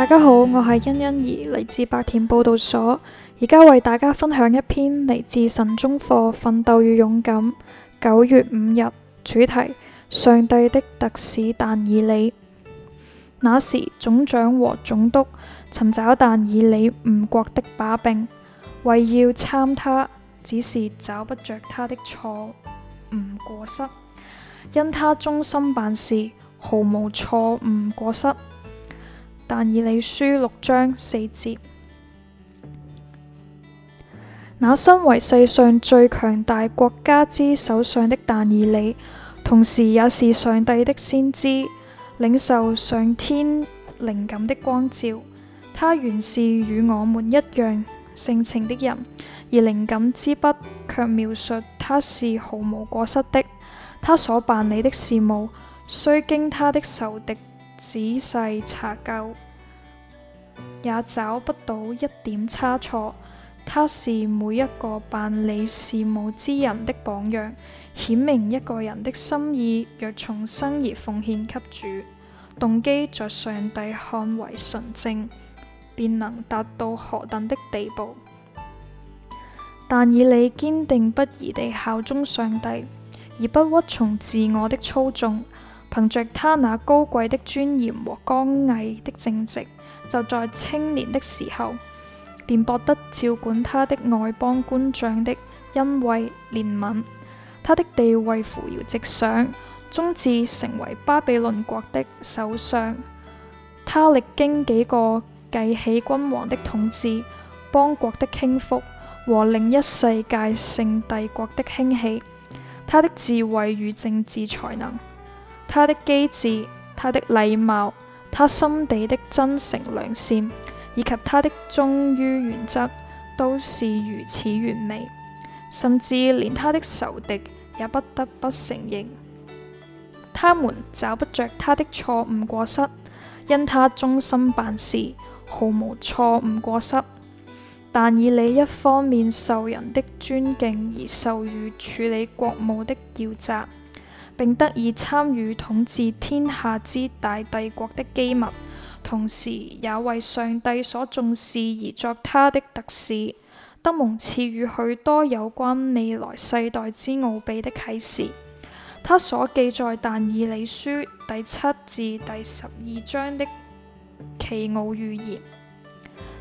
大家好，我係欣欣怡，嚟自白田報道所，而家為大家分享一篇嚟自神中課《奮鬥與勇敢》九月五日主題：上帝的特使但以理。那時總長和總督尋找但以理誤國的把柄，為要參他，只是找不着他的錯誤過失，因他忠心辦事，毫無錯誤過失。但以理書六章四節，那身為世上最強大國家之首相的但以理，同時也是上帝的先知，領受上天靈感的光照，他原是與我們一樣性情的人，而靈感之筆卻描述他是毫無過失的。他所辦理的事務，須經他的仇敵仔細查究，也找不到一點差錯。他是每一個辦理事務之人的榜樣，顯明一個人的心意若從生而奉獻給主，動機在上帝看為純正，便能達到何等的地步。但以理堅定不移地效忠上帝，而不屈從自我的操縱。憑着他那高貴的尊嚴和剛毅的正直，就在青年的時候便博得照管他的外邦官長的恩惠憐憫，他的地位扶搖直上，終至成為巴比倫國的首相。他歷經幾個繼起君王的統治，邦國的傾覆和另一世界性帝國的興起，他的智慧與政治才能。他的機智、他的禮貌、他心地的真誠良善，以及他的忠於原則，都是如此完美，甚至連他的仇敵也不得不承認，他們找不着他的錯誤過失，因他忠心辦事，毫無錯誤過失。但以理一方面受人的尊敬而受予處理國務的要責。並得以參與統治天下之大帝國的機密，同時也為上帝所重視而作他的特使。得蒙賜予許多有關未來世代之奧秘的啟示，他所記載但以理書第七至第十二章的奇奧預言，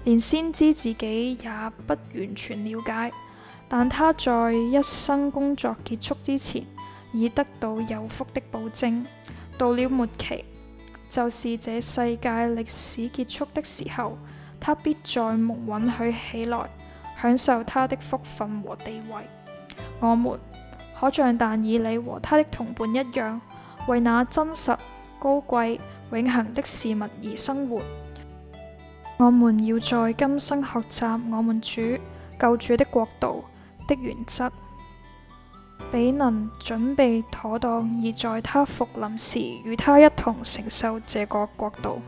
連先知自己也不完全了解，但他在一生工作結束之前。以得到有福的保證。到了末期，就是這世界歷史結束的時候，他必再蒙允許起來享受他的福分和地位。我們可像但以理和他的同伴一樣，為那真實、高貴、永恆的事物而生活。我們要在今生學習我們主救主的國度的原則。比能準備妥當，而在他復臨時，與他一同承受這個國度。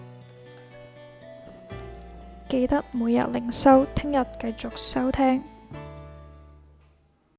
記得每日靈修，聽日繼續收聽。